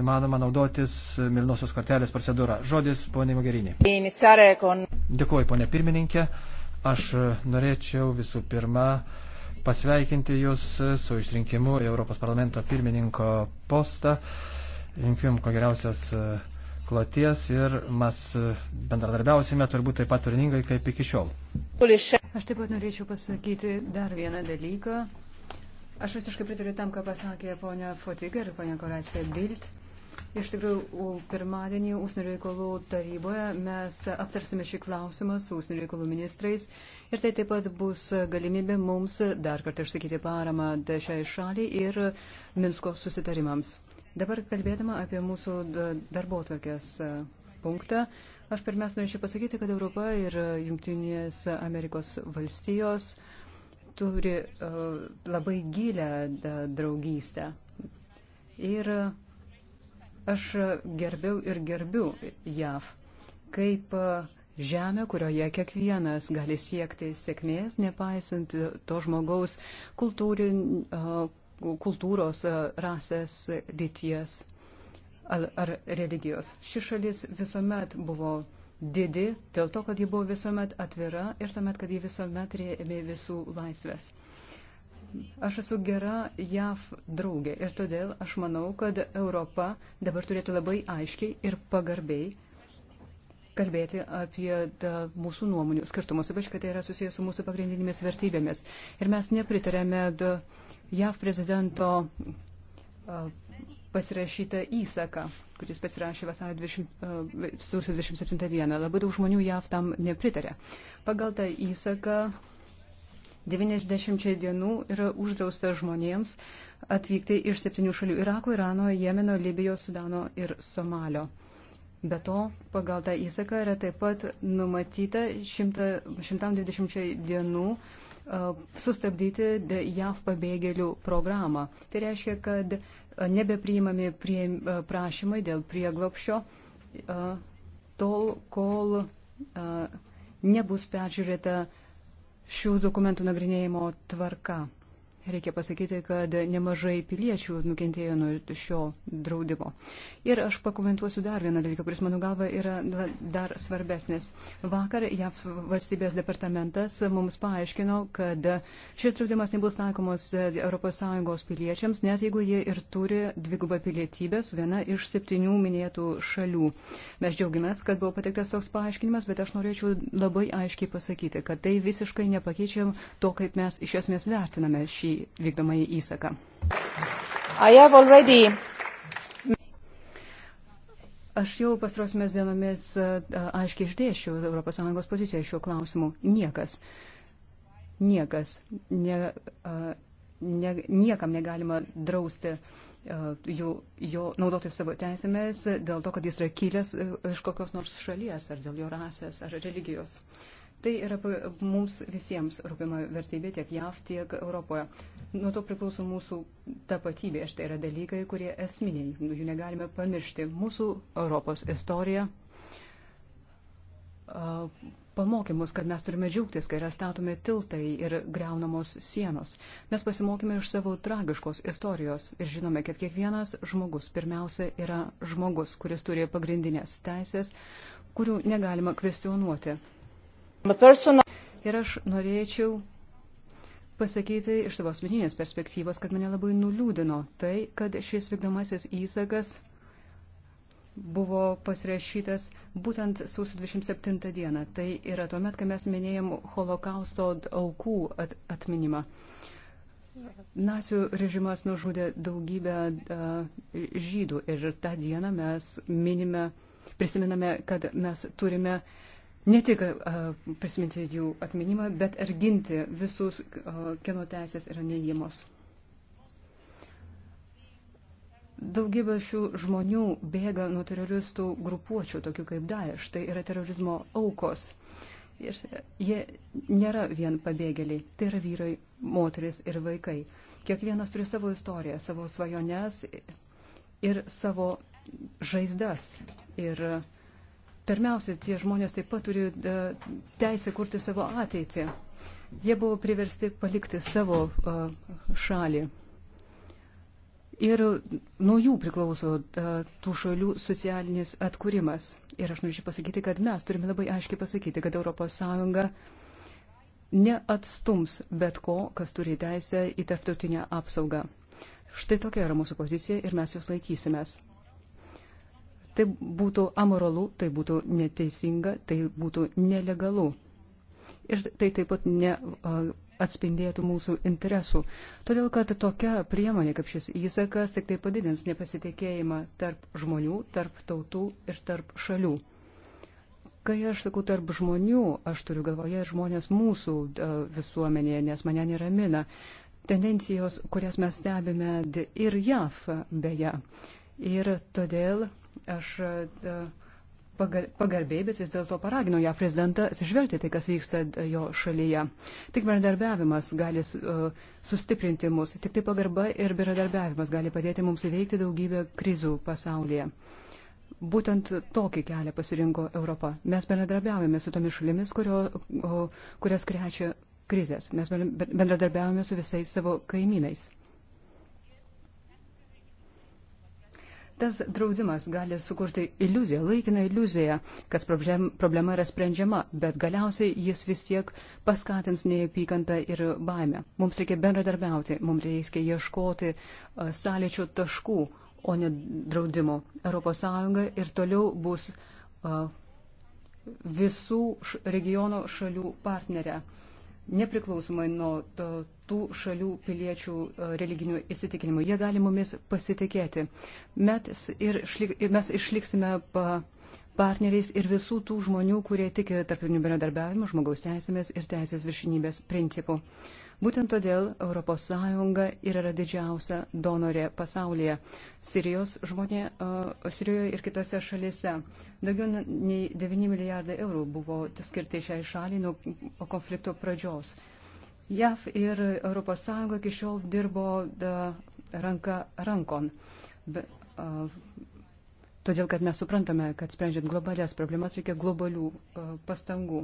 įmanoma naudotis Milnosios kortelės procedūra. Žodis, ponė Mogerinė. Dėkuoju, ponė pirmininkė. Aš norėčiau visų pirma pasveikinti Jūs su išrinkimu į Europos parlamento pirmininko postą. Linkiu Jums ko geriausias e, kloties ir mes bendradarbiausime turbūt taip pat turiningai kaip iki šiol. Aš taip pat norėčiau pasakyti dar vieną dalyką. Aš visiškai pritariu tam, ką pasakė ponia Fotiger ir ponia Koracija Bild. Iš tikrųjų, pirmadienį Ūsnių reikalų taryboje mes aptarsime šį klausimą su Ūsnių reikalų ministrais ir tai taip pat bus galimybė mums dar kartą išsakyti paramą šiai šaliai ir Minsko susitarimams. Dabar kalbėdama apie mūsų darbo tvarkės e, punktą, aš pirmiausia norėčiau pasakyti, kad Europa ir Junktinės Amerikos valstijos turi uh, labai gilę da, draugystę. Ir uh, Aš gerbiau ir gerbiu JAV kaip žemę, kurioje kiekvienas gali siekti sėkmės, nepaisant to žmogaus kultūrin, kultūros, rasės, lyties ar, ar religijos. Ši šalis visuomet buvo didi dėl to, kad ji buvo visuomet atvira ir tuomet, kad ji visuomet rėmė visų laisvės. Aš esu gera JAV draugė ir todėl aš manau, kad Europa dabar turėtų labai aiškiai ir pagarbiai kalbėti apie da, mūsų nuomonių skirtumus, ypač kad tai yra susijęs su mūsų pagrindinėmis vertybėmis. Ir mes nepritarėme da, JAV prezidento a, pasirašytą įsaką, kuris pasirašė vasario 20, a, 27 dieną. Labai daug žmonių JAV tam nepritarė. Pagal tą įsaką 90 dienų yra uždrausta žmonėms atvykti iš septynių šalių - Irako, Irano, Jemeno, Libijos, Sudano ir Somalio. Be to, pagal tą įsaką yra taip pat numatyta 100, 120 dienų sustabdyti JAV pabėgėlių programą. Tai reiškia, kad nebepriimami prie, prašymai dėl prieglopšio tol, kol nebus peržiūrėta šių dokumentų nagrinėjimo tvarka. Reikia pasakyti, kad nemažai piliečių nukentėjo nuo šio draudimo. Ir aš pakomentuosiu dar vieną dalyką, kuris mano galva yra dar svarbesnis. Vakar JAV valstybės departamentas mums paaiškino, kad šis draudimas nebus taikomas ES piliečiams, net jeigu jie ir turi dvigubą pilietybę su viena iš septynių minėtų šalių. Mes džiaugiamės, kad buvo pateiktas toks paaiškinimas, bet aš norėčiau labai aiškiai pasakyti, kad tai visiškai nepakeičiam to, kaip mes iš esmės vertiname šį vykdomai įsaką. Already... Aš jau pastrosimės dienomis aiškiai išdėšiu ES poziciją šiuo klausimu. Niekas, niekas, ne, ne, niekam negalima drausti jo, jo naudotis savo teisėmis dėl to, kad jis yra kilęs iš kokios nors šalies, ar dėl jo rasės, ar religijos. Uh, Tai yra mums visiems rūpima vertybė tiek JAV, tiek Europoje. Nuo to priklauso mūsų tapatybė. Štai yra dalykai, kurie esminiai, nu, jų negalime pamiršti. Mūsų Europos istorija pamokė mus, kad mes turime džiaugtis, kai yra statomi tiltai ir greunamos sienos. Mes pasimokime iš savo tragiškos istorijos ir žinome, kad kiekvienas žmogus pirmiausia yra žmogus, kuris turi pagrindinės teisės, kurių negalima kvestionuoti. Ir aš norėčiau pasakyti iš savo asmeninės perspektyvos, kad mane labai nuliūdino tai, kad šis vykdomasis įsagas buvo pasirašytas būtent sausio 27 dieną. Tai yra tuomet, kai mes minėjom holokausto aukų at atminimą. Nacių režimas nužudė daugybę a, žydų ir tą dieną mes minime, prisiminame, kad mes turime a, ne tik prisiminti jų atminimą, bet ir ginti visus, kieno teisės yra neįjimos. Daugybė šių žmonių bėga nuo teroristų grupuočių, tokių kaip Daesh, tai yra terorizmo aukos. Ir jie nėra vien pabėgėliai, tai yra vyrai, moteris ir vaikai. Kiekvienas turi savo istoriją, savo svajones ir savo žaizdas. Ir uh, pirmiausia, tie žmonės taip pat turi e, teisę kurti savo ateitį. Jie buvo priversti palikti savo e, šalį. Ir nuo jų priklauso e, tų šalių socialinis atkūrimas. Ir aš norėčiau pasakyti, kad mes turime labai aiškiai pasakyti, kad ES neatstums bet ko, kas turi teisę į tarptautinę apsaugą. Štai tokia yra mūsų pozicija ir mes jos laikysimės. Tai būtų amoralu, tai būtų neteisinga, tai būtų nelegalu. Ir tai taip pat ne, atspindėtų mūsų interesų. Todėl, kad tokia priemonė kaip šis įsakas tik tai padidins nepasitikėjimą tarp žmonių, tarp tautų ir tarp šalių. Kai aš sakau tarp žmonių, aš turiu galvoje žmonės mūsų visuomenėje, nes mane neramina tendencijos, kurias mes stebime ir JAV beje. Ir todėl Aš e, pagarbiai, bet vis dėlto paragino ją prezidentą atsižvelgti tai, kas vyksta e, jo šalyje. Tik bendradarbiavimas gali e, sustiprinti mus, tik tai pagarba ir bendradarbiavimas gali padėti mums įveikti daugybę krizių pasaulyje. Būtent tokį kelią pasirinko Europa. Mes bendradarbiavame su tomis šalimis, kurio, kurias krečia krizės. Mes bendradarbiavame su visais savo kaimynais. Tas draudimas gali sukurti iliuziją, laikiną iliuziją, kad problem, problema yra sprendžiama, bet galiausiai jis vis tiek paskatins neapykantą ir baimę. Mums reikia bendradarbiauti, mums reikia ieškoti sąlyčio taškų, o ne draudimo. ES ir toliau bus visų regiono šalių partnerė, nepriklausomai nuo to, tų šalių piliečių e, religinių įsitikinimų. Jie gali mumis pasitikėti. Mes, ir šlik, mes išliksime pa partneriais ir visų tų žmonių, kurie tiki tarpinių bendradarbiavimų, žmogaus teisėmis ir teisės viršinybės principų. Būtent todėl ES ir yra didžiausia donorė pasaulyje Sirijos žmonė, uh, Sirijoje ir kitose šalyse. Daugiau nei 9 milijardai eurų buvo skirti šiai šaliai nuo konflikto pradžios. Uh, JAV ir ES iki šiol dirbo da, ranka rankon. Be, a, todėl, kad mes suprantame, kad sprendžiant globalias problemas reikia globalių a, pastangų.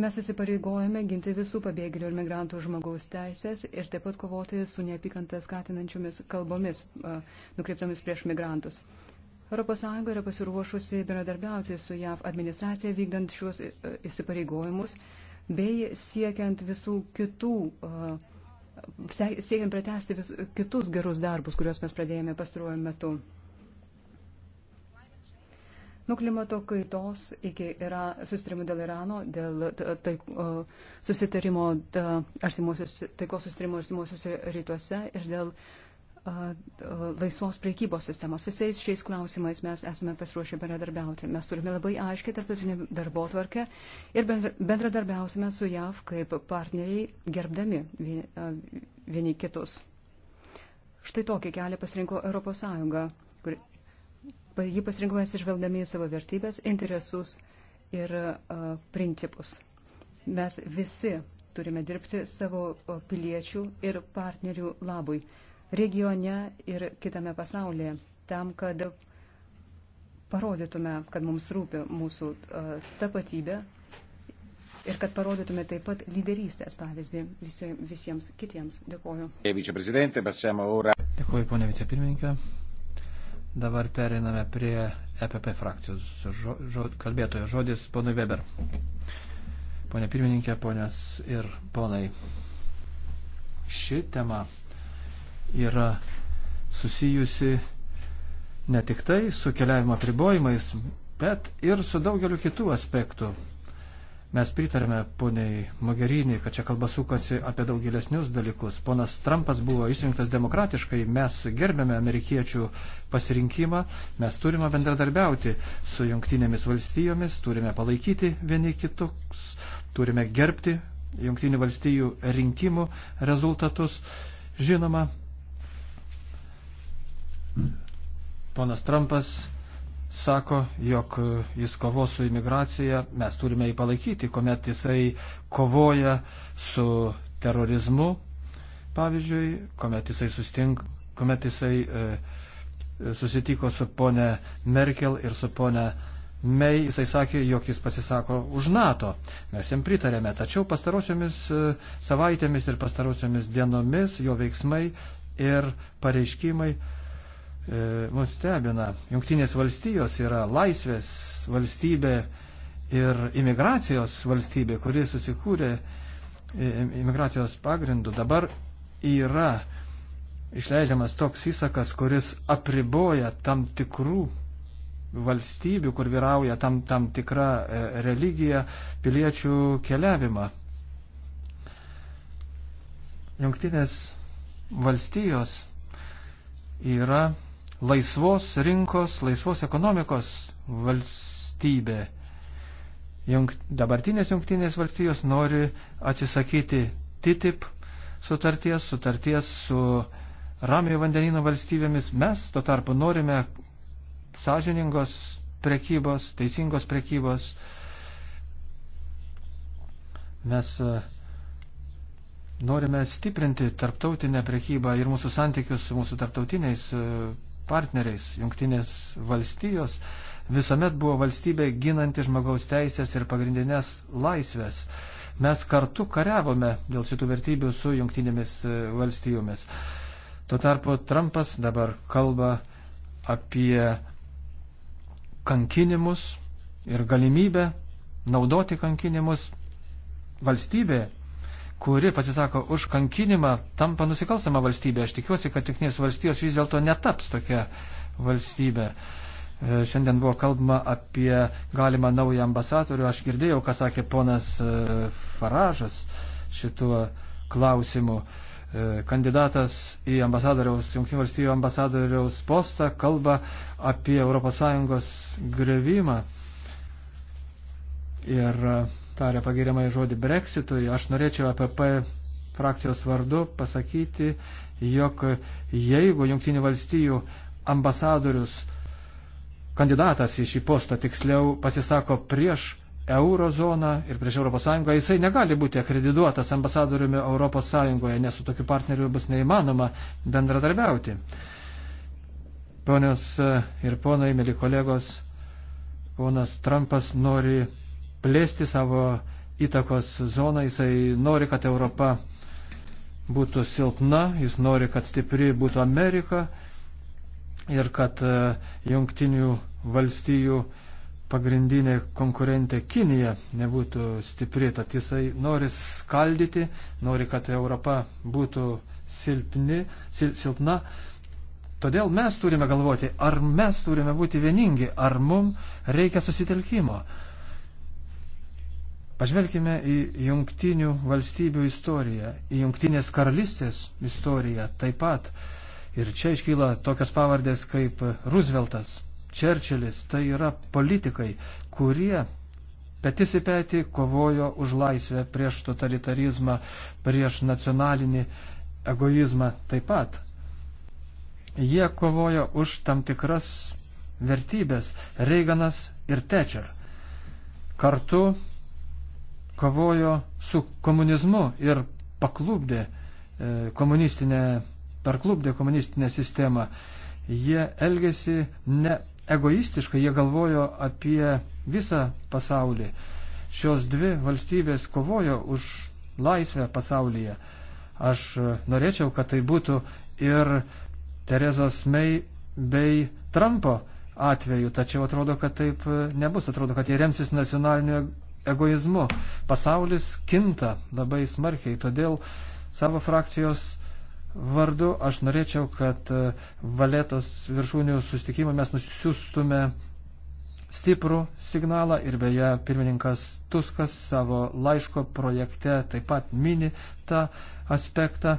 Mes įsipareigojame ginti visų pabėgėlių ir migrantų žmogaus teisės ir taip pat kovoti su neapykantą skatinančiomis kalbomis a, nukreiptomis prieš migrantus. ES yra pasiruošusi bendradarbiauti su JAV administracija vykdant šiuos e, įsipareigojimus. A, bei siekiant visų kitų, siekiant pratesti vis, kitus gerus darbus, kuriuos mes pradėjome pastaruoju metu. Nuo klimato kaitos iki yra, susitarimų dėl Irano, dėl taik, susitarimo artimuosius, taikos susitarimo artimuosiuose rytuose ir dėl uh, laisvos priekybos sistemos. Visais šiais klausimais mes esame pasiruošę bendradarbiauti. Mes turime labai aiškiai tarptautinę darbo tvarkę ir bendradarbiausime su JAV kaip partneriai gerbdami vieni kitus. Štai tokį kelią pasirinko ES, kur jį pasirinko atsižvelgdami į savo vertybės, interesus ir uh, principus. Mes visi turime dirbti savo piliečių ir partnerių labui regione ir kitame pasaulyje, tam, kad parodytume, kad mums rūpi mūsų e, tapatybė ir kad parodytume taip pat lyderystės pavyzdį visi, visiems kitiems. Dėkuoju. Dėkuoju, ponia vicepirmininkė. Dabar periname prie EPP frakcijos žo, žo, kalbėtojo žodis, ponui Weber. Pone pirmininkė, ponios ir ponai, ši tema yra susijusi ne tik tai su keliavimo pribojimais, bet ir su daugeliu kitų aspektų. Mes pritarėme poniai Mogerinį, kad čia kalba sukasi apie daugilesnius dalykus. Ponas Trumpas buvo išrinktas demokratiškai, mes gerbėme amerikiečių pasirinkimą, mes turime bendradarbiauti su jungtinėmis valstijomis, turime palaikyti vieni kitus, turime gerbti jungtinių valstijų rinkimų rezultatus. Žinoma, Ponas Trumpas sako, jog jis kovos su imigracija, mes turime jį palaikyti, kuomet jisai kovoja su terorizmu, pavyzdžiui, kuomet jisai, sustink, kuomet jisai e, susitiko su ponė Merkel ir su ponė Mei, jisai sakė, jog jis pasisako už NATO. Mes jam pritarėme, tačiau pastarosiomis e, savaitėmis ir pastarosiomis dienomis jo veiksmai ir pareiškimai E, mus stebina. Junktinės valstijos yra laisvės valstybė ir imigracijos valstybė, kuri susikūrė e, imigracijos pagrindų. Dabar yra išleidžiamas toks įsakas, kuris apriboja tam tikrų valstybių, kur vyrauja tam, tam tikra e, religija, piliečių keliavimą. Junktinės valstijos yra laisvos rinkos, laisvos ekonomikos valstybė. Jung, dabartinės jungtinės valstijos nori atsisakyti TTIP sutarties, sutarties su Ramiojo vandenino valstybėmis. Mes tuo tarpu norime sąžiningos prekybos, teisingos prekybos. Mes e, norime stiprinti tarptautinę prekybą ir mūsų santykius su mūsų tarptautiniais e, partneriais. Junktinės valstijos visuomet buvo valstybė ginanti žmogaus teisės ir pagrindinės laisvės. Mes kartu kariavome dėl šitų vertybių su jungtinėmis e, valstijomis. Tuo tarpu Trumpas dabar kalba apie kankinimus ir galimybę naudoti kankinimus. Valstybė kuri pasisako už kankinimą, tampa nusikalstama valstybė. Aš tikiuosi, kad Junktinės valstijos vis dėlto netaps tokia valstybė. E, šiandien buvo kalbama apie galimą naują ambasadorių. Aš girdėjau, ką sakė ponas e, Faražas šituo klausimu. E, kandidatas į ambasadoriaus, Junktinių valstybių ambasadoriaus postą kalba apie ES grevimą. Ir uh, tarė pagiriamai žodį Brexitui, aš norėčiau APP frakcijos vardu pasakyti, jog jeigu Junktinių valstijų ambasadorius kandidatas į šį postą tiksliau pasisako prieš eurozoną ir prieš ES, jisai negali būti akredituotas ambasadoriumi ES, nes su tokiu partneriu bus neįmanoma bendradarbiauti. Ponios ir ponai, mėly kolegos, ponas Trumpas nori plėsti savo įtakos zoną, jisai nori, kad Europa būtų silpna, jis nori, kad stipri būtų Amerika ir kad e, jungtinių valstijų pagrindinė konkurentė Kinija nebūtų stipri, tad jisai nori skaldyti, nori, kad Europa būtų silpni, sil, silpna. Todėl mes turime galvoti, ar mes turime būti vieningi, ar mums reikia susitelkimo, Pažvelkime į jungtinių valstybių istoriją, į jungtinės karalystės istoriją taip pat. Ir čia iškyla tokios pavardės kaip Rooseveltas, Čerčilis, tai yra politikai, kurie petis į petį kovojo už laisvę prieš totalitarizmą, prieš nacionalinį egoizmą taip pat. Jie kovojo už tam tikras vertybės Reiganas ir Tečer. Kartu kovojo su komunizmu ir paklubdė e, komunistinę, parklubdė komunistinę sistemą. Jie elgėsi ne egoistiškai, jie galvojo apie visą pasaulį. Šios dvi valstybės kovojo už laisvę pasaulyje. Aš norėčiau, kad tai būtų ir Terezos Mei bei Trumpo atveju, tačiau atrodo, kad taip e, nebus, atrodo, kad jie remsis nacionaliniu egoizmu. Pasaulis kinta labai smarkiai, todėl savo frakcijos vardu aš norėčiau, kad e, valėtos viršūnių sustikimą mes nusiustume stiprų signalą ir beje pirmininkas Tuskas savo laiško projekte taip pat mini tą aspektą.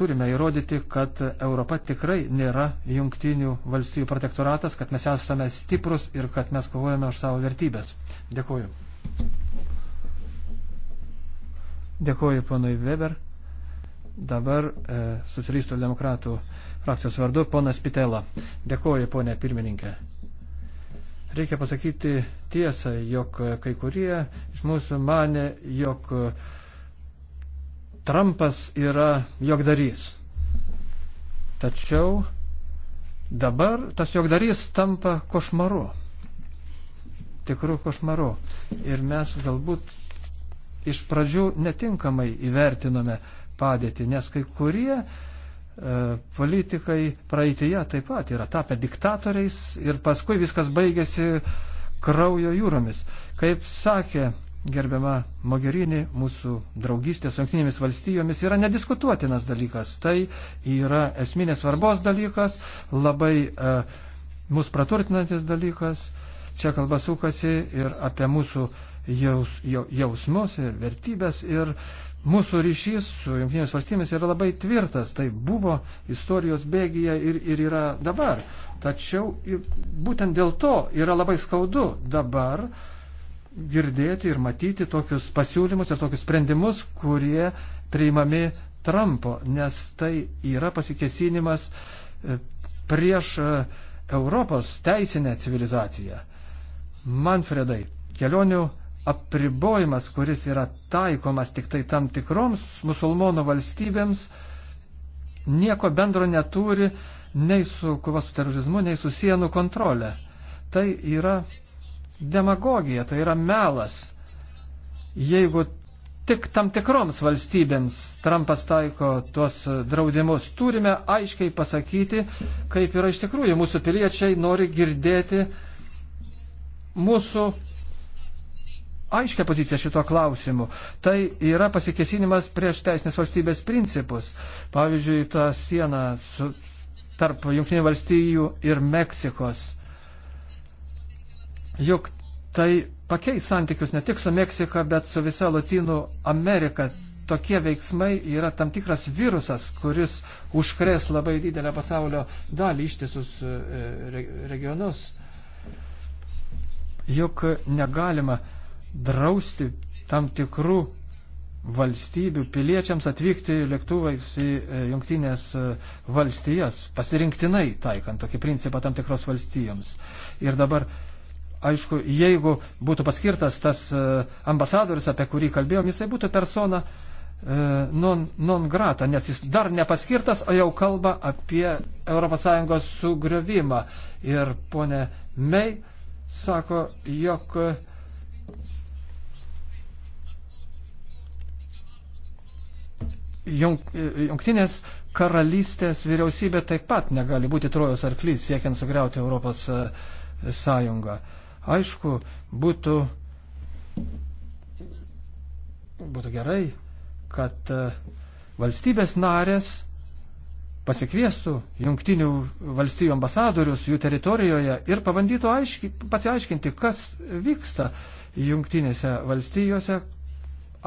Turime įrodyti, kad Europa tikrai nėra jungtinių valstybių protektoratas, kad mes esame stiprus ir kad mes kovojame už savo vertybės. Dėkuoju. Dėkuoju ponui Weber. Dabar e, socialistų ir demokratų frakcijos vardu ponas Pitela. Dėkuoju ponė pirmininkė. Reikia pasakyti tiesą, jog kai kurie iš mūsų mane, jog Trumpas yra jogdarys. Tačiau dabar tas jogdarys tampa košmaru tikrų košmarų. Ir mes galbūt iš pradžių netinkamai įvertinome padėtį, nes kai kurie e, politikai praeitėje taip pat yra tapę diktatoriais ir paskui viskas baigėsi kraujo jūromis. Kaip sakė gerbiama Mogherini, mūsų draugystė su jungtinėmis valstijomis yra nediskutuotinas dalykas. Tai yra esminės svarbos dalykas, labai e, mus praturtinantis dalykas. E, Čia kalba sukasi ir apie mūsų jaus, jausmus ir vertybės ir mūsų ryšys su Junktinės valstybės yra labai tvirtas. Tai buvo istorijos bėgyje ir, ir yra dabar. Tačiau būtent dėl to yra labai skaudu dabar girdėti ir matyti tokius pasiūlymus ir tokius sprendimus, kurie priimami Trumpo, nes tai yra pasikesinimas e, prieš e, Europos teisinę civilizaciją. Manfredai, kelionių apribojimas, kuris yra taikomas tik tai tam tikroms musulmonų valstybėms, nieko bendro neturi nei su kova su terorizmu, nei su sienų kontrolė. Tai yra demagogija, tai yra melas. Jeigu tik tam tikroms valstybėms Trumpas taiko tuos draudimus, turime aiškiai pasakyti, kaip yra iš tikrųjų. Mūsų piliečiai nori girdėti, mūsų aiškę poziciją šito klausimu. Tai yra pasikesinimas prieš teisinės valstybės principus. Pavyzdžiui, ta siena su, tarp Junktinių valstybių ir Meksikos. Juk tai pakeis santykius ne tik su Meksika, bet su visa Latinų Amerika. Tokie veiksmai yra tam tikras virusas, kuris užkrės labai didelę pasaulio dalį ištisus e, regionus juk negalima drausti tam tikrų valstybių piliečiams atvykti lėktuvais į e, jungtinės e, valstijas, pasirinktinai taikant tokį principą tam tikros valstijoms. Ir dabar, aišku, jeigu būtų paskirtas tas e, ambasadoris, apie kurį kalbėjom, jisai būtų persona non, non grata, nes jis dar nepaskirtas, o jau kalba apie ES sugriovimą. Ir ponė Mei sako, jog jungtinės karalystės vyriausybė taip pat negali būti trojos arklys siekiant sugriauti Europos e, sąjungą. Aišku, būtų, būtų gerai, kad e, valstybės narės pasikviestų jungtinių valstybių ambasadorius jų teritorijoje ir pabandytų aiški, pasiaiškinti, kas vyksta jungtinėse valstijose,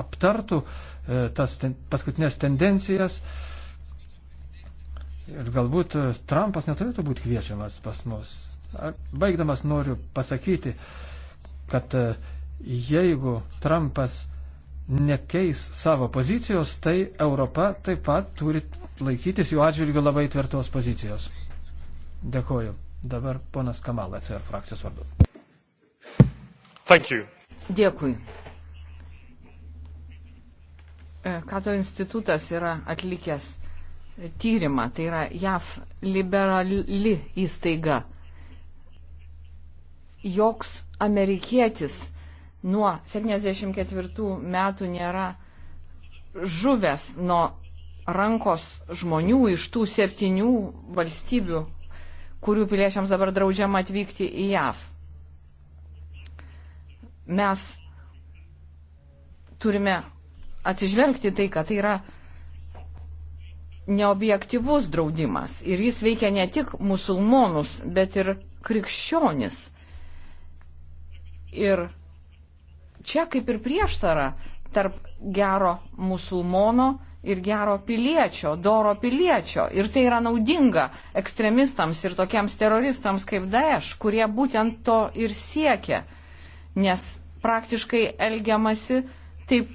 aptartų e, tas ten, paskutinės tendencijas. Ir galbūt e, Trumpas neturėtų būti kviečiamas pas mus. Baigdamas noriu pasakyti, kad e, jeigu Trumpas nekeis savo pozicijos, tai Europa taip pat turi laikytis jų atžvilgių labai tvirtos pozicijos. Dėkoju. Dabar ponas Kamal atsir frakcijos vardu. Dėkui. E, Kato institutas yra atlikęs tyrimą, tai yra JAF liberali įstaiga. Joks amerikietis nuo 74 metų nėra žuvęs nuo rankos žmonių iš tų septynių valstybių, kurių piliečiams dabar draudžiama atvykti į JAV. Mes turime atsižvelgti tai, kad tai yra neobjektivus draudimas ir jis veikia ne tik musulmonus, bet ir krikščionis. Ir čia kaip ir prieštara tarp gero musulmono ir gero piliečio, doro piliečio. Ir tai yra naudinga ekstremistams ir tokiems teroristams kaip Daesh, kurie būtent to ir siekia. Nes praktiškai elgiamasi taip,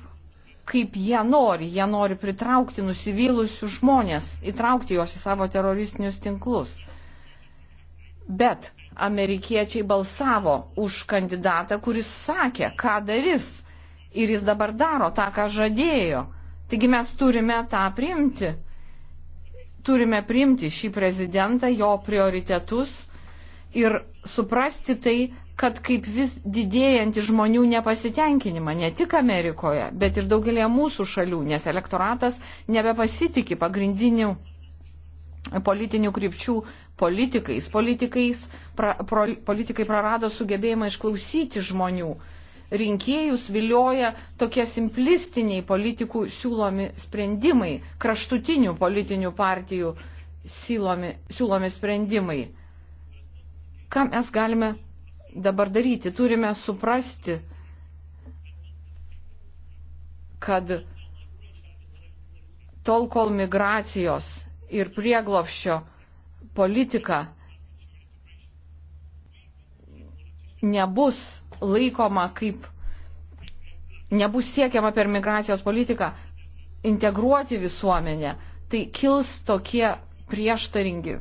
kaip jie nori. Jie nori pritraukti nusivylusius žmonės, įtraukti juos į savo teroristinius tinklus. Bet amerikiečiai balsavo už kandidatą, kuris sakė, ką darys. Ir jis dabar daro tą, ką žadėjo. Taigi mes turime tą priimti. Turime priimti šį prezidentą, jo prioritetus ir suprasti tai, kad kaip vis didėjantį žmonių nepasitenkinimą ne tik Amerikoje, bet ir daugelėje mūsų šalių, nes elektoratas nebepasitikė pagrindinių politinių krypčių politikais. Politikais pra, pro, politikai prarado sugebėjimą išklausyti žmonių. Rinkėjus vilioja tokie simplistiniai politikų siūlomi sprendimai, kraštutinių politinių partijų siūlomi, siūlomi sprendimai. Ką mes galime dabar daryti? Turime suprasti, kad tol, kol migracijos ir prieglopščio politika nebus laikoma kaip, nebus siekiama per migracijos politiką integruoti visuomenę, tai kils tokie prieštaringi,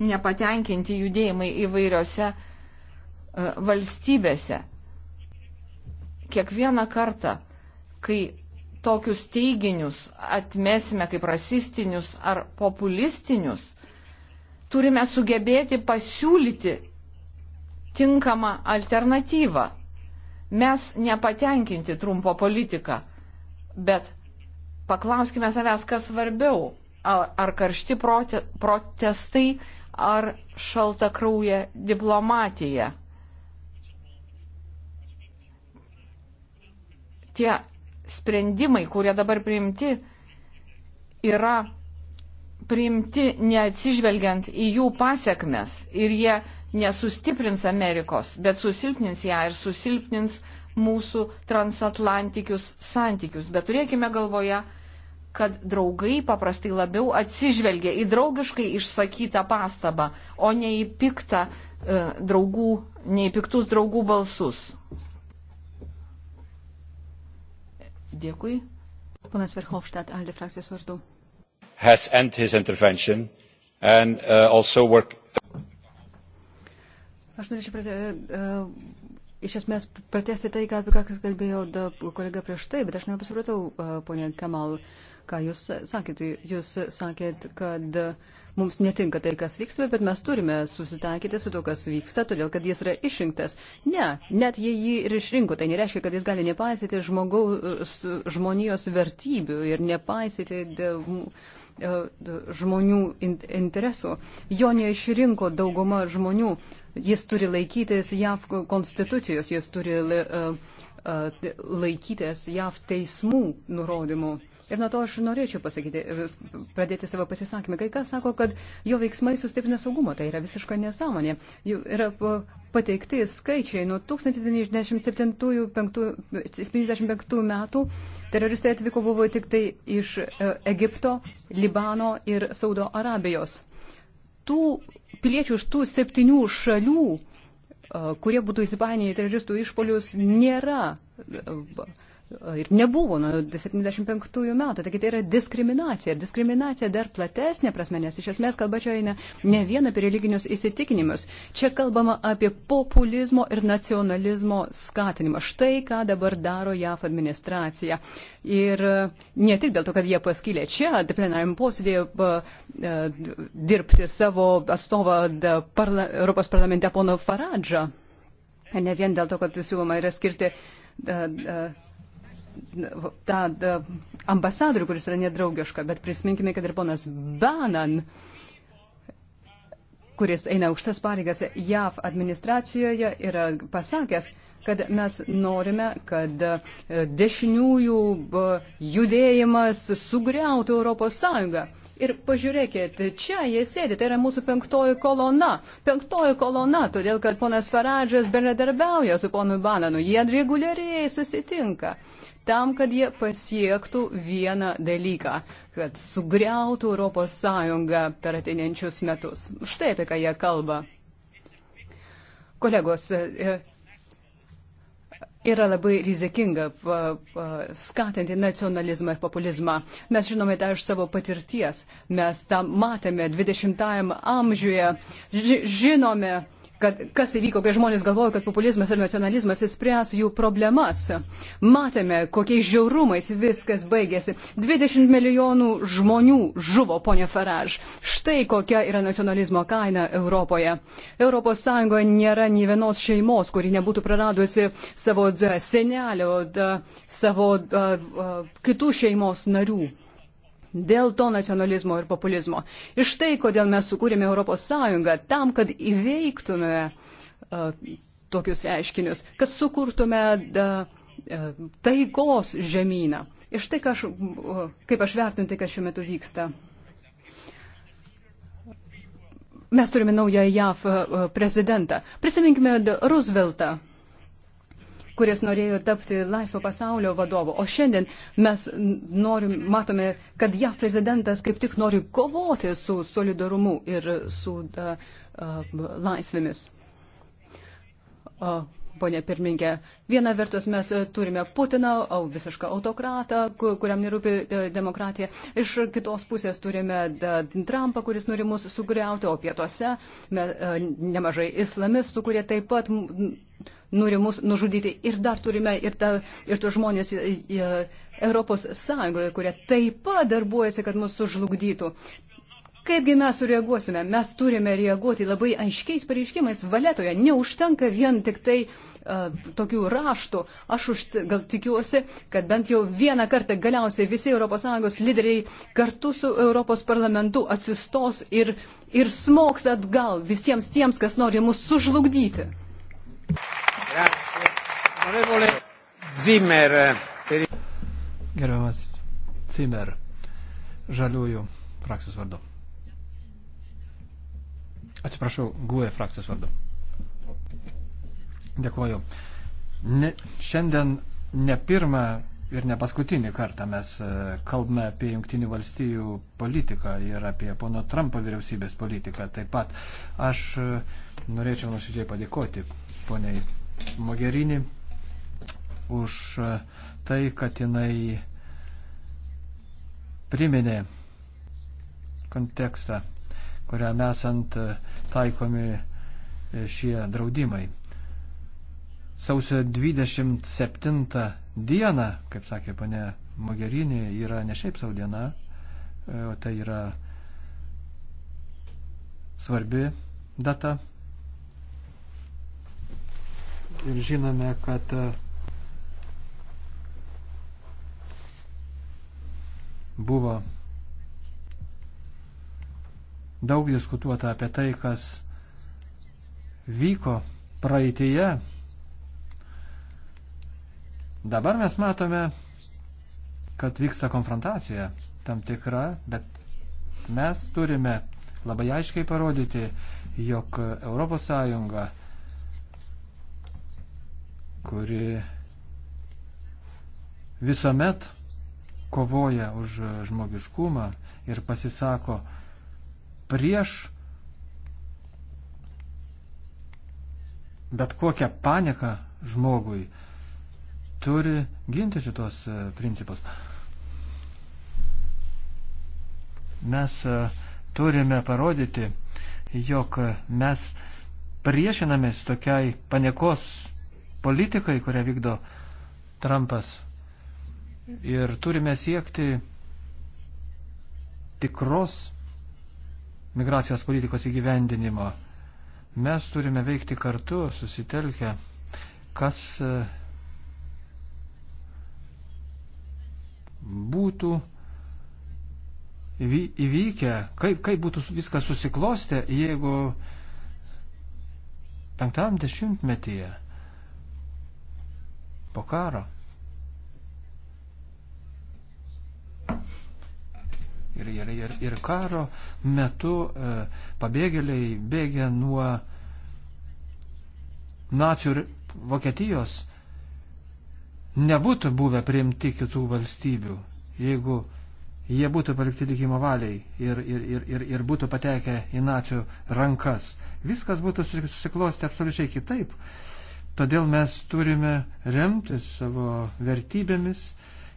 nepatenkinti judėjimai įvairiose e, valstybėse. Kiekvieną kartą, kai tokius teiginius atmesime kaip rasistinius ar populistinius, turime sugebėti pasiūlyti tinkamą alternatyvą. Mes nepatenkinti trumpo politiką, bet paklauskime savęs, kas svarbiau ar, ar karšti prote, protestai, ar šalta krauja diplomatija. Tie sprendimai, kurie dabar priimti, yra priimti neatsižvelgiant į jų pasiekmes ir jie nesustiprins Amerikos, bet susilpnins ją ir susilpnins mūsų transatlantikius santykius. Bet turėkime galvoje, kad draugai paprastai labiau atsižvelgia į draugiškai išsakytą pastabą, o ne į piktą e, draugų, ne į piktus draugų balsus. Dėkui. Ponas Verhofstadt, Alde frakcijos vardu has ended his intervention and uh, also work. Aš norėčiau pratė, uh, e, e, iš esmės pratesti tai, ką, apie ką kalbėjo da, kolega prieš tai, bet aš nepasipratau, uh, e, ponė Kamal, ką jūs sakėt. Jūs sakėt, kad mums netinka tai, kas vyksta, bet mes turime susitaikyti su to, kas vyksta, todėl kad jis yra išrinktas. Ne, net jei jį ir išrinko, tai nereiškia, kad jis gali nepaisyti žmogaus, žmonijos vertybių ir nepaisyti. De, E, žmonių interesų. Jo neišrinko dauguma žmonių. Jis turi laikytis JAV konstitucijos, jis turi e, e, laikytis JAV teismų nurodymų. Ir nuo to aš norėčiau pasakyti, pradėti savo pasisakymą. Kai kas sako, kad jo veiksmai sustiprina saugumą, tai yra visiška nesąmonė. Jau yra pateikti skaičiai nuo 1975 metų teroristai atvyko buvo tik tai iš e, Egipto, Libano ir Saudo Arabijos. Tų piliečių iš tų septynių šalių, e, kurie būtų įsipainėję į teroristų išpolius, nėra e, ir nebuvo nuo 75 metų. Taigi tai yra diskriminacija. Diskriminacija dar platesnė prasme, nes iš esmės kalba čia eina ne vien apie religinius įsitikinimus. Čia kalbama apie populizmo ir nacionalizmo skatinimą. Štai ką dabar daro JAF administracija. Ir e, ne tik dėl to, kad jie paskylė čia, plenariam posėdėje e, dirbti savo atstovą parla, Europos parlamente pono Faradžą. Ne vien dėl to, kad siūloma yra skirti da, da, tą ambasadorių, kuris yra nedraugiška, bet prisiminkime, kad ir ponas Banan, kuris eina aukštas pareigas JAV administracijoje, yra pasakęs, kad mes norime, kad e, dešiniųjų judėjimas sugriautų Europos Sąjungą. Ir pažiūrėkit, čia jie sėdi, tai yra mūsų penktoji kolona. Penktoji kolona, todėl kad ponas Faradžas bendradarbiauja su ponu Bananu, jie reguliariai susitinka tam, kad jie pasiektų vieną dalyką, kad sugriautų Europos Sąjungą per ateinančius metus. Štai apie ką jie kalba. Kolegos, e, e, yra labai rizikinga skatinti nacionalizmą ir populizmą. Mes žinome tą iš savo patirties. Mes tą matėme 20-ajame amžiuje. Žinome, kad kas įvyko, kai žmonės galvojo, kad populizmas ir nacionalizmas įspręs jų problemas. Matėme, kokiais žiaurumais viskas baigėsi. 20 milijonų žmonių žuvo, ponė Faraž. Štai kokia yra nacionalizmo kaina Europoje. Europos Sąjungoje nėra nei vienos šeimos, kuri nebūtų praradusi savo senelio, savo kitų šeimos narių dėl to nacionalizmo ir populizmo. Ir štai kodėl mes sukūrėme Europos Sąjungą, tam, kad įveiktume uh, tokius reiškinius, kad sukurtume uh, taikos žemyną. Ir štai, ką aš, uh, kaip aš vertinu tai, kas šiuo metu vyksta. Mes turime naują JAV prezidentą. Prisiminkime Rooseveltą kuris norėjo tapti laisvo pasaulio vadovu. O šiandien mes norim, matome, kad JAV prezidentas kaip tik nori kovoti su solidarumu ir su uh, uh, laisvėmis. Uh, ponė pirmininkė. Viena vertus mes turime Putiną, visišką autokratą, kuriam nerūpi e, demokratija. Iš kitos pusės turime Trumpą, kuris nori mus sugriauti, o pietuose e, nemažai islamistų, kurie taip pat nori mus nužudyti. Ir dar turime ir, ta, ir tos žmonės e, Europos Sąjungoje, kurie taip pat darbuojasi, kad mus sužlugdytų. Kaipgi mes sureaguosime? Mes turime reaguoti labai aiškiais pareiškimais valetoje. Neužtenka vien tik tai uh, tokių raštų. Aš už, gal tikiuosi, kad bent jau vieną kartą galiausiai visi ES lyderiai kartu su Europos parlamentu atsistos ir, ir smoks atgal visiems tiems, kas nori mus sužlugdyti. Gerbiamas Cimer, žaliųjų frakcijos vardu. Atsiprašau, GUE frakcijos vardu. Dėkuoju. Ne, šiandien ne pirmą ir ne paskutinį kartą mes e, kalbame apie Junktinių valstijų politiką ir apie pono Trumpo vyriausybės politiką taip pat. Aš e, norėčiau nuoširdžiai padėkoti poniai Mogerini už e, tai, kad jinai priminė kontekstą kuriam esant e, taikomi e, šie draudimai. Sausio 27 diena, kaip sakė pane Mogerinė, yra ne šiaip savo diena, e, o tai yra svarbi data. Ir žinome, kad buvo Daug diskutuota apie tai, kas vyko praeitėje. Dabar mes matome, kad vyksta konfrontacija tam tikra, bet mes turime labai aiškiai parodyti, jog ES, kuri visuomet kovoja už žmogiškumą ir pasisako prieš bet kokią paniką žmogui turi ginti šitos e, principus. Mes e, turime parodyti, jog mes priešinamės tokiai paniekos politikai, kurią vykdo Trumpas. Ir turime siekti tikros migracijos politikos įgyvendinimo. Mes turime veikti kartu, susitelkę, kas e, būtų įvykę, kaip, kaip būtų viskas susiklostę, jeigu penktam dešimtmetyje po karo ir, ir, ir, ir karo metu e, pabėgėliai bėgė nuo nacių ir Vokietijos nebūtų buvę priimti kitų valstybių, jeigu jie būtų palikti likimo valiai ir, ir, ir, ir, ir būtų patekę į nacių rankas. Viskas būtų susiklosti absoliučiai kitaip. Todėl mes turime remtis savo vertybėmis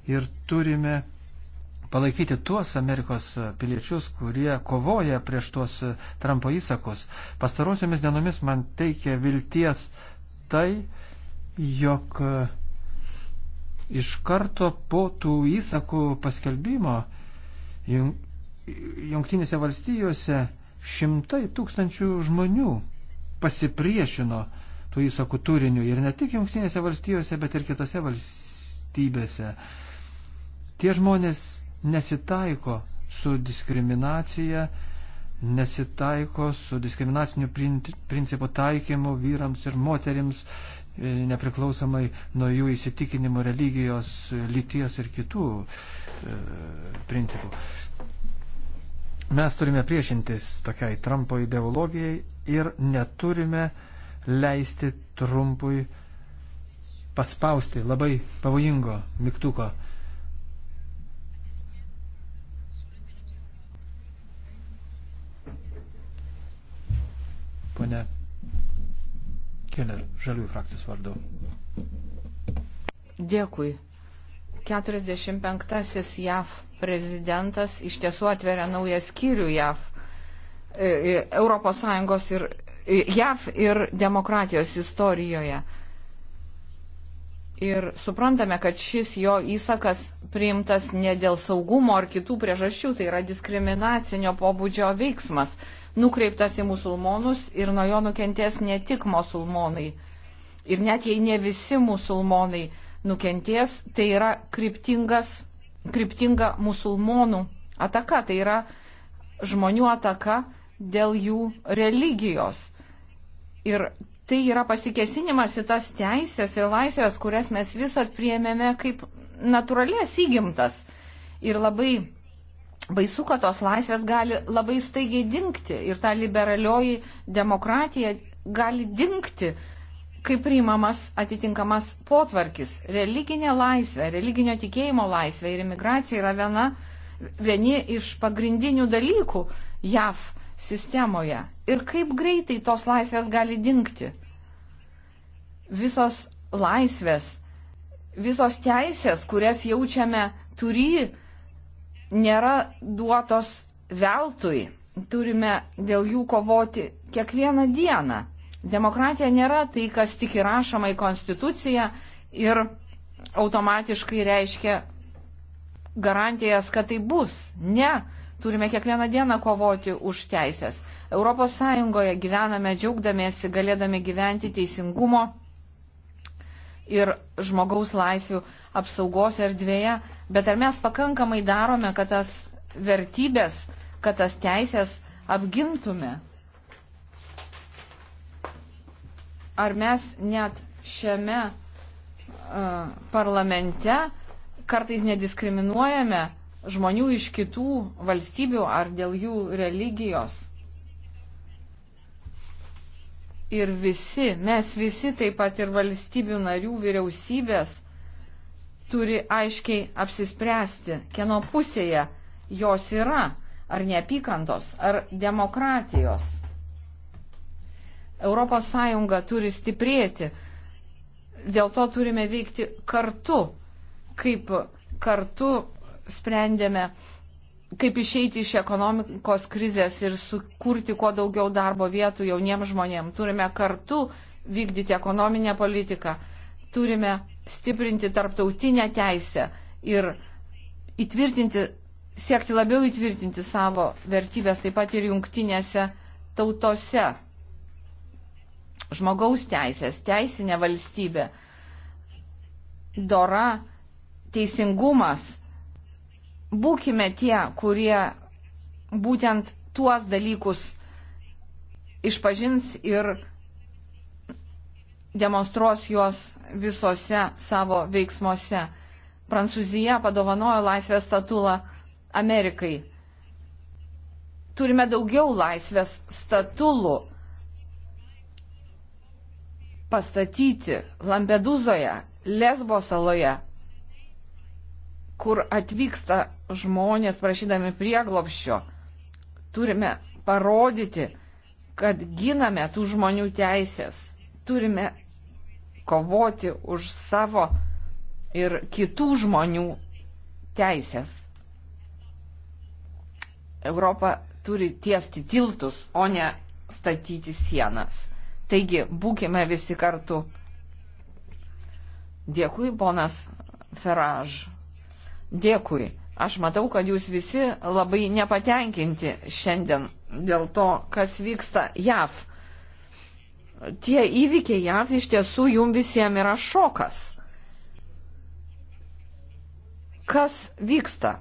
ir turime palaikyti tuos Amerikos piliečius, kurie kovoja prieš tuos Trumpo įsakus. Pastarosiomis dienomis man teikia vilties tai, jog iš karto po tų įsakų paskelbimo Jungtinėse valstijose šimtai tūkstančių žmonių pasipriešino tų įsakų turiniu ir ne tik Jungtinėse valstijose, bet ir kitose valstybėse. Tie žmonės nesitaiko su diskriminacija, nesitaiko su diskriminaciniu principu taikymu vyrams ir moterims, e, nepriklausomai nuo jų įsitikinimų, religijos, lyties ir kitų e, principų. Mes turime priešintis tokiai Trumpo ideologijai ir neturime leisti Trumpui paspausti labai pavojingo mygtuko Keller, žaliųjų frakcijos vardu. Dėkui. 45-asis JAV prezidentas iš tiesų atveria naują skyrių JAV, e, e, Europos Sąjungos ir e, JAV ir demokratijos istorijoje. Ir suprantame, kad šis jo įsakas priimtas ne dėl saugumo ar kitų priežasčių, tai yra diskriminacinio pobūdžio veiksmas nukreiptas į musulmonus ir nuo jo nukentės ne tik musulmonai. Ir net jei ne visi musulmonai nukentės, tai yra kryptinga musulmonų ataka, tai yra žmonių ataka dėl jų religijos. Ir tai yra pasikesinimas į tas teisės ir laisvės, kurias mes visat priemėme kaip natūralės įgimtas. Ir labai baisu, kad tos laisvės gali labai staigiai dinkti ir ta liberalioji demokratija gali dinkti, kai priimamas atitinkamas potvarkis. Religinė laisvė, religinio tikėjimo laisvė ir imigracija yra viena, vieni iš pagrindinių dalykų JAV sistemoje. Ir kaip greitai tos laisvės gali dinkti. Visos laisvės, visos teisės, kurias jaučiame turi nėra duotos veltui. Turime dėl jų kovoti kiekvieną dieną. Demokratija nėra tai, kas tik įrašoma į Konstituciją ir automatiškai reiškia garantijas, kad tai bus. Ne, turime kiekvieną dieną kovoti už teisės. ES gyvename džiaugdamiesi, galėdami gyventi teisingumo ir žmogaus laisvių apsaugos erdvėje, bet ar mes pakankamai darome, kad tas vertybės, kad tas teisės apgintume? Ar mes net šiame uh, parlamente kartais nediskriminuojame žmonių iš kitų valstybių ar dėl jų religijos? ir visi, mes visi taip pat ir valstybių narių vyriausybės turi aiškiai apsispręsti, kieno pusėje jos yra, ar neapykantos, ar demokratijos. ES turi stiprėti, dėl to turime veikti kartu, kaip kartu sprendėme, kaip išeiti iš ekonomikos krizės ir sukurti kuo daugiau darbo vietų jauniems žmonėms. Turime kartu vykdyti ekonominę politiką, turime stiprinti tarptautinę teisę ir įtvirtinti, siekti labiau įtvirtinti savo vertybės taip pat ir jungtinėse tautose. Žmogaus teisės, teisinė valstybė, dora, teisingumas. Būkime tie, kurie būtent tuos dalykus išpažins ir demonstruos juos visose savo veiksmuose. Prancūzija padovanojo laisvės statulą Amerikai. Turime daugiau laisvės statulų pastatyti Lampeduzoje, Lesbo saloje, kur atvyksta žmonės prašydami prieglopščio. Turime parodyti, kad giname tų žmonių teisės. Turime kovoti už savo ir kitų žmonių teisės. Europa turi tiesti tiltus, o ne statyti sienas. Taigi, būkime visi kartu. Dėkui, ponas Feraž. Dėkui. Aš matau, kad jūs visi labai nepatenkinti šiandien dėl to, kas vyksta JAV tie įvykiai JAV iš tiesų jum visiems yra šokas. Kas vyksta?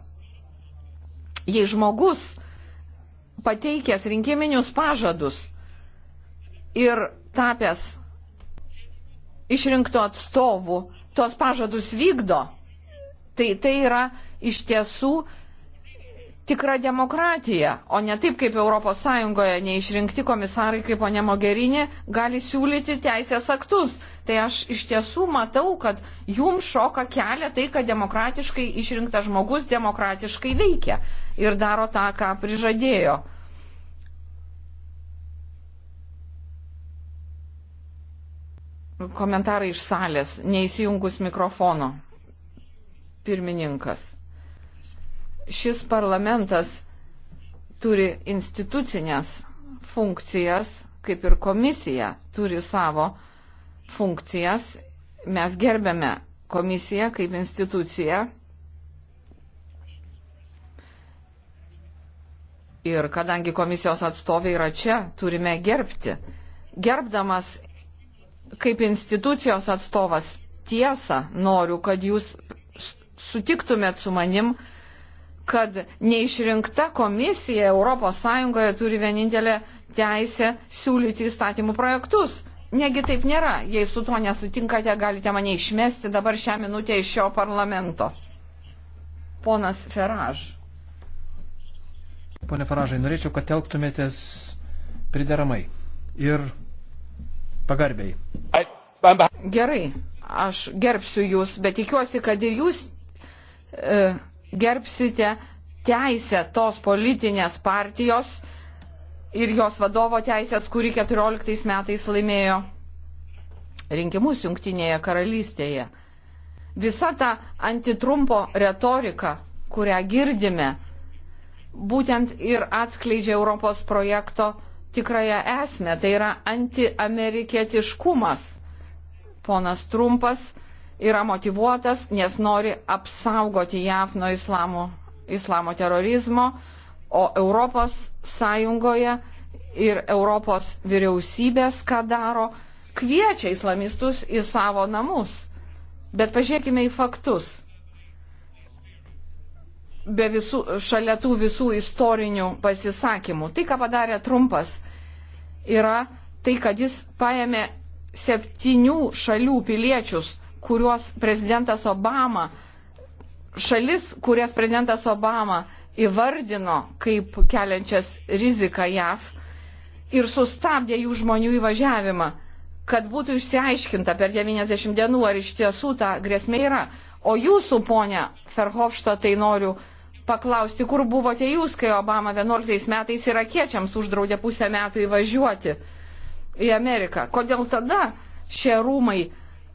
Jei žmogus pateikęs rinkiminius pažadus ir tapęs išrinktų atstovų, tuos pažadus vykdo, tai tai yra iš tiesų tikrą demokratiją, o ne taip, kaip ES neišrinkti komisarai kaip ponė Mogerinė gali siūlyti teisės aktus. Tai aš iš tiesų matau, kad jums šoka kelia tai, kad demokratiškai išrinktas žmogus demokratiškai veikia ir daro tą, ką prižadėjo. Komentarai iš salės, neįsijungus mikrofono. Pirmininkas šis parlamentas turi institucinės funkcijas, kaip ir komisija turi savo funkcijas. Mes gerbėme komisiją kaip instituciją. Ir kadangi komisijos atstovai yra čia, turime gerbti. Gerbdamas kaip institucijos atstovas tiesą noriu, kad jūs sutiktumėt su manim, kad neišrinkta komisija ES turi vienintelę teisę siūlyti įstatymų projektus. Negi taip nėra. Jei su tuo nesutinkate, galite mane išmesti dabar šią minutę iš šio parlamento. Ponas Feraž. Pone Feražai, norėčiau, kad telktumėtės prideramai ir pagarbiai. Gerai, aš gerbsiu jūs, bet tikiuosi, kad ir jūs. E, gerbsite teisę tos politinės partijos ir jos vadovo teisės, kuri 14 metais laimėjo rinkimus Junktinėje karalystėje. Visa ta antitrumpo retorika, kurią girdime, būtent ir atskleidžia Europos projekto tikrąją esmę. Tai yra antiamerikietiškumas. Ponas Trumpas yra motivuotas, nes nori apsaugoti JAV nuo islamo, islamo terorizmo, o Europos Sąjungoje ir Europos vyriausybės, ką daro, kviečia islamistus į savo namus. Bet pažiūrėkime į faktus. Be visų, šalia tų visų istorinių pasisakymų. Tai, ką padarė Trumpas, yra tai, kad jis paėmė septynių šalių piliečius kuriuos prezidentas Obama, šalis, kurias prezidentas Obama įvardino kaip keliančias riziką JAV ir sustabdė jų žmonių įvažiavimą, kad būtų išsiaiškinta per 90 dienų, ar iš tiesų ta grėsmė yra. O jūsų, ponia Ferhofšta, tai noriu paklausti, kur buvote jūs, kai Obama 11 metais irakiečiams uždraudė pusę metų įvažiuoti į Ameriką. Kodėl tada šie rūmai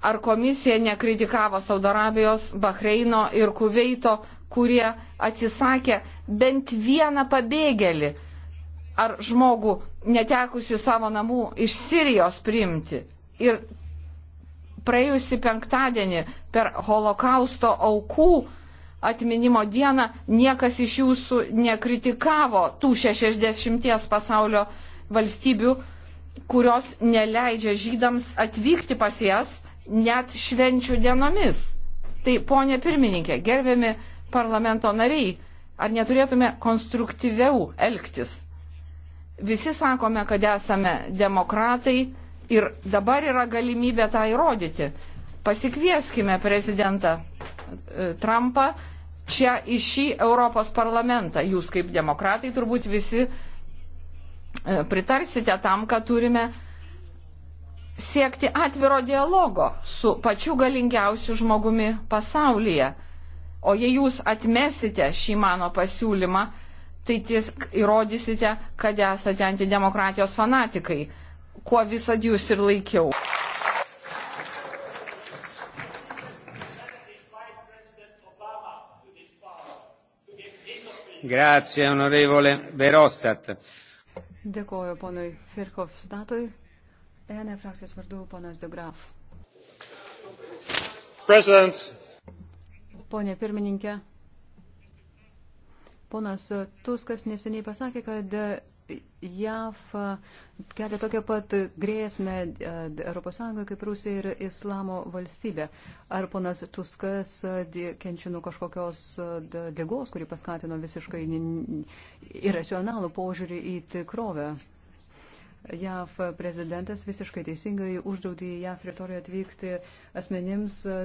ar komisija nekritikavo Saudarabijos, Bahreino ir Kuveito, kurie atsisakė bent vieną pabėgėlį ar žmogų netekusi savo namų iš Sirijos priimti. Ir praėjusi penktadienį per holokausto aukų atminimo dieną niekas iš jūsų nekritikavo tų 60 pasaulio valstybių, kurios neleidžia žydams atvykti pas jas net švenčių dienomis. Tai, ponė pirmininkė, gerbiami parlamento nariai, ar neturėtume konstruktyviau elgtis? Visi sakome, kad esame demokratai ir dabar yra galimybė tą įrodyti. Pasikvieskime prezidentą e, Trumpą čia į šį Europos parlamentą. Jūs kaip demokratai turbūt visi e, pritarsite tam, kad turime siekti atviro dialogo su pačiu galingiausiu žmogumi pasaulyje. O jei jūs atmesite šį mano pasiūlymą, tai ties įrodysite, kad esate antidemokratijos fanatikai, kuo visad jūs ir laikiau. Grazie, onorevole Verostat. Dėkuoju ponui Firkovstatui. ENE frakcijos vardu ponas Degraf. President. Pone pirmininkė, ponas Tuskas neseniai pasakė, kad JAV kelia tokią pat grėsmę ES kaip Rusija ir Islamo valstybė. Ar ponas Tuskas e, kenčia nuo kažkokios e, lygos, kuri paskatino visiškai iracionalų požiūrį į tikrovę? JAV prezidentas visiškai teisingai uždraudė į JAV teritoriją atvykti asmenims e,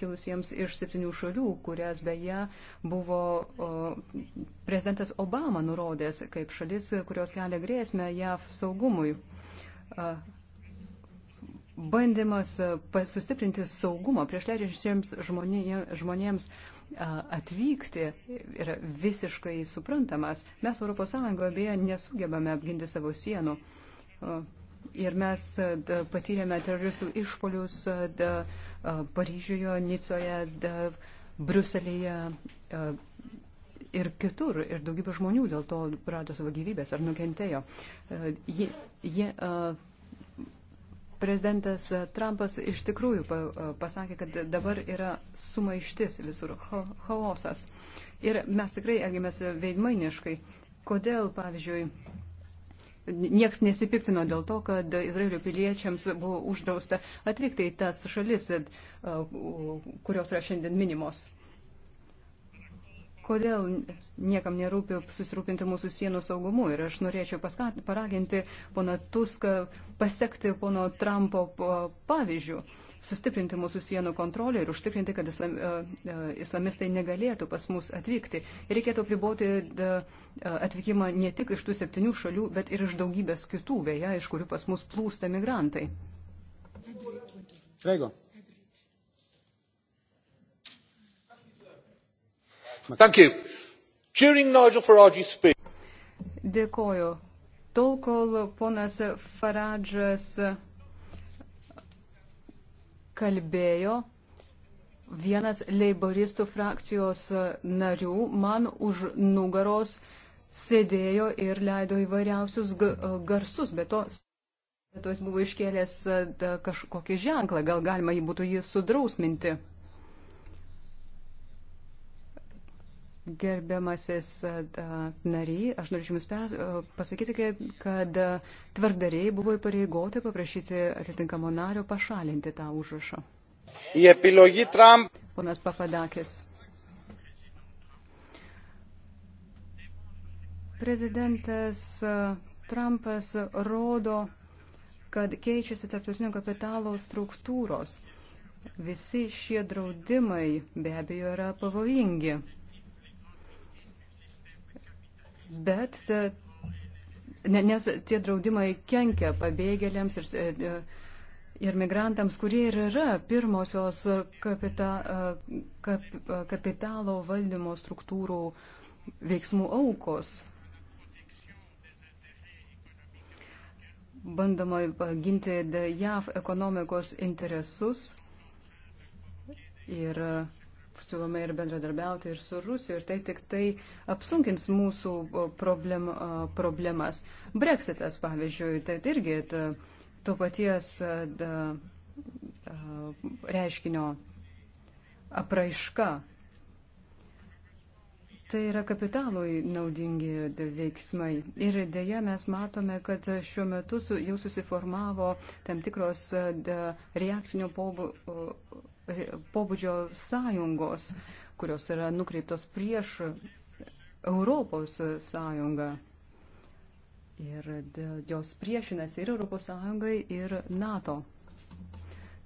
kilusiems iš septynių šalių, kurias beje buvo o, prezidentas Obama nurodęs kaip šalis, kurios kelia grėsmę JAV saugumui. Bandymas e, sustiprinti saugumą prieš leidžiantiems žmonėms atvykti yra visiškai suprantamas. Mes ES beje nesugebame apginti savo sienų. Ir mes e, patyrėme teroristų išpolius e, e, Paryžiuje, Nicoje, Bruselėje ir kitur. Ir daugybė žmonių dėl to rado savo gyvybės ar nukentėjo. Je, je, prezidentas Trumpas iš tikrųjų pasakė, kad dabar yra sumaištis visur, chaosas. Ir mes tikrai elgiamės veidmainiškai. Kodėl, pavyzdžiui, Niekas nesipiktino dėl to, kad Izraelio piliečiams buvo uždrausta atvykti į tas šalis, e, kurios yra šiandien minimos. Kodėl niekam nerūpi susirūpinti mūsų sienų saugumu? Ir aš norėčiau paraginti pono Tuską pasiekti pono Trumpo e, pavyzdžių sustiprinti mūsų sienų kontrolę ir užtikrinti, kad islam, e, e, islamistai negalėtų pas mus atvykti. Reikėtų priboti e, atvykimą ne tik iš tų septynių šalių, bet ir iš daugybės kitų vėja, iš kurių pas mus plūsta migrantai. Prego. Dėkoju. Tol, kol ponas Faradžas kalbėjo vienas leiboristų frakcijos narių, man už nugaros sėdėjo ir leido įvairiausius garsus, bet to, bet to jis buvo iškėlęs e, kažkokį ženklą, gal galima jį būtų jį sudrausminti. Gerbiamasis nariai, aš norėčiau Jums pasakyti, kad tvarkdariai buvo įpareigoti paprašyti atitinkamo nario pašalinti tą užrašą. Į epilogį Trump. Ponas Papadakis. Prezidentas Trumpas rodo, kad keičiasi tarptautinio kapitalo struktūros. Visi šie draudimai be abejo yra pavojingi bet e, nes tie draudimai kenkia pabėgėliams ir, e, e, ir migrantams, kurie ir yra pirmosios kapita, kap, kapitalo valdymo struktūrų veiksmų aukos. Bandoma ginti JAV ekonomikos interesus ir uh, siūlome ir bendradarbiauti ir su Rusija, ir tai tik tai apsunkins mūsų problem, problemas. Brexitas, pavyzdžiui, tai irgi ta, to paties da, da, reiškinio apraiška. Tai yra kapitalui naudingi veiksmai. Ir dėja mes matome, kad šiuo metu su, jau susiformavo tam tikros reakcinio pobūdžio pobūdžio sąjungos, kurios yra nukreiptos prieš Europos sąjungą. Ir jos priešinasi ir Europos sąjungai, ir NATO.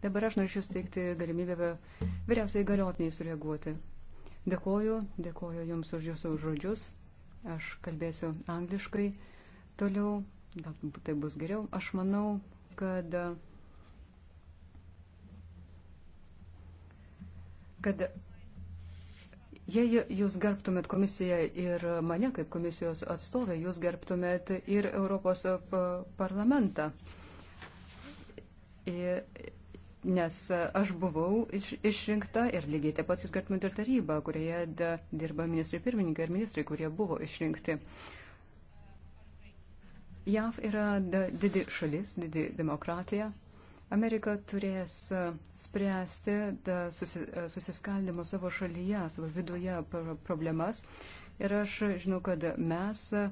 Dabar aš norėčiau steigti galimybę vyriausiai galiotiniai sureaguoti. Dėkoju, dėkoju Jums už Jūsų žodžius. Aš kalbėsiu angliškai toliau, galbūt tai bus geriau. Aš manau, kad kad Jei jūs gerbtumėt komisiją ir mane kaip komisijos atstovę, jūs gerbtumėt ir Europos parlamentą. Ir, nes aš buvau iš, išrinkta ir lygiai taip pat jūs gerbtumėt ir tarybą, kurioje de, dirba ministrai pirmininkai ir ministrai, kurie buvo išrinkti. JAV yra didi šalis, didi demokratija. Amerika turės e, spręsti susi, e, susiskaldimo savo šalyje, savo viduje problemas. Ir aš žinau, kad mes, e,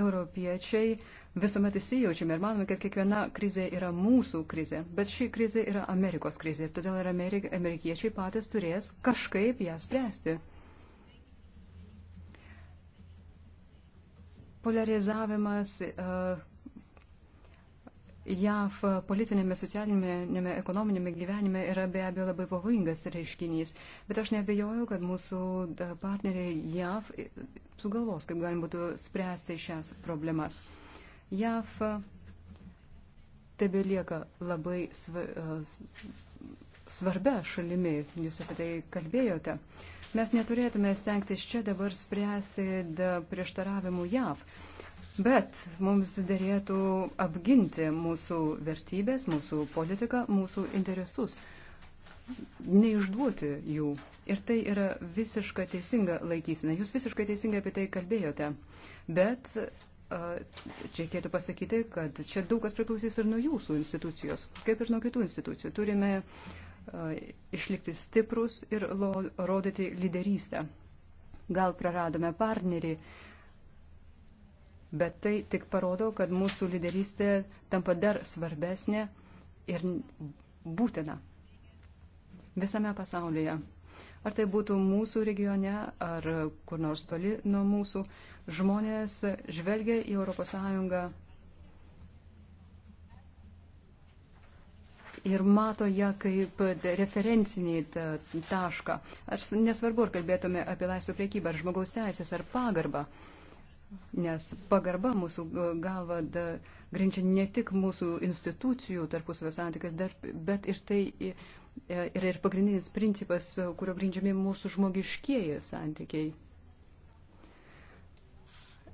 europiečiai, visuomet įsijaučiame ir manome, kad kiekviena krizė yra mūsų krizė. Bet ši krizė yra Amerikos krizė. Todėl ir Amerik amerikiečiai patys turės kažkaip ją spręsti. Polarizavimas. Uh, JAV politinėme, socialinėme, ekonominėme gyvenime yra be abejo labai pavojingas reiškinys, bet aš nebejoju, kad mūsų partneriai JAV sugalvos, kaip galima būtų spręsti šias problemas. JAV tebe lieka labai svarbia šalimi, jūs apie tai kalbėjote. Mes neturėtume stengtis čia dabar spręsti prieštaravimų JAV. Bet mums dėrėtų apginti mūsų vertybės, mūsų politiką, mūsų interesus, neišduoti jų. Ir tai yra visiška teisinga laikysena. Jūs visiškai teisingai apie tai kalbėjote. Bet čia reikėtų pasakyti, kad čia daug kas priklausys ir nuo jūsų institucijos, kaip ir nuo kitų institucijų. Turime išlikti stiprus ir rodyti lyderystę. Gal praradome partnerį, uh, Bet tai tik parodo, kad mūsų lyderystė tampa dar svarbesnė ir būtina visame pasaulyje. Ar tai būtų mūsų regione, ar kur nors toli nuo mūsų, žmonės žvelgia į ES ir mato ją kaip referencinį tašką. Aš nesvarbu, ar kalbėtume apie laisvę priekybą, ar žmogaus teisės, ar pagarbą nes pagarba mūsų galva da, grinčia ne tik mūsų institucijų tarpusavio santykis, bet ir tai e, yra ir pagrindinis principas, kurio grindžiami mūsų žmogiškieji santykiai.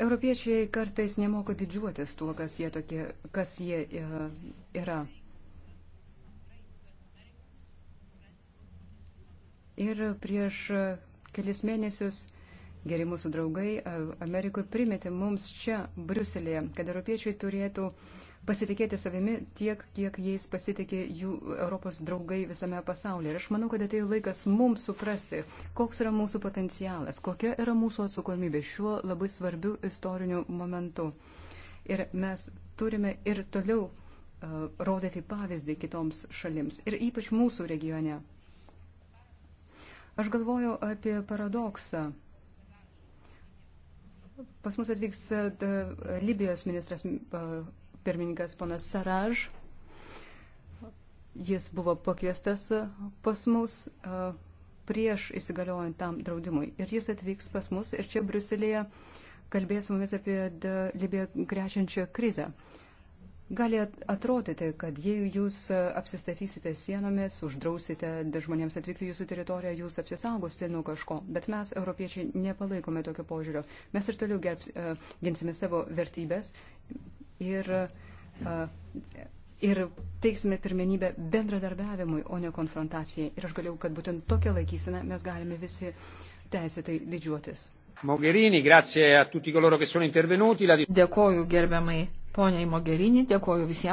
Europiečiai kartais nemoka didžiuotis tuo, kas jie, tokie, kas jie e, yra. Ir prieš kelis mėnesius geri mūsų draugai Amerikoje primetė mums čia, Briuselėje, kad europiečiai turėtų pasitikėti savimi tiek, kiek jais pasitikė jų Europos draugai visame pasaulyje. Ir aš manau, kad atėjo laikas mums suprasti, koks yra mūsų potencialas, kokia yra mūsų atsakomybė šiuo labai svarbiu istoriniu momentu. Ir mes turime ir toliau uh, rodyti pavyzdį kitoms šalims, ir ypač mūsų regione. Aš galvoju apie paradoksą. Pas mus atvyks e, Libijos ministras pirmininkas ponas Saraž. Jis buvo pakviestas pas mus e, prieš įsigaliojant tam draudimui. Ir jis atvyks pas mus ir čia Bruselėje kalbės mumis apie Libiją grečiančią krizę. Uh, Gali atrodyti, kad jei jūs e, apsistatysite sienomis, uždrausite žmonėms atvykti jūsų teritoriją, jūs apsisaugosite nuo kažko. Bet mes, europiečiai, nepalaikome tokio požiūrio. Mes ir toliau gerbs, e, ginsime savo vertybės ir, e, ir teiksime pirmenybę bendradarbiavimui, o ne konfrontacijai. Ir aš galiu, kad būtent tokią laikysiną mes galime visi teisėtai didžiuotis. Mogherini, grazie a tutti coloro che sono intervenuti. La... Dėkoju gerbiamai poniai Mogerinį, dėkoju visiems.